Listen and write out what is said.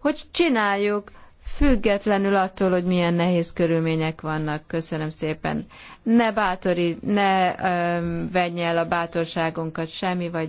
hogy csináljuk, függetlenül attól, hogy milyen nehéz körülmények vannak. Köszönöm szépen. Ne bátori, ne öm, venj el a bátorságunkat semmi, vagy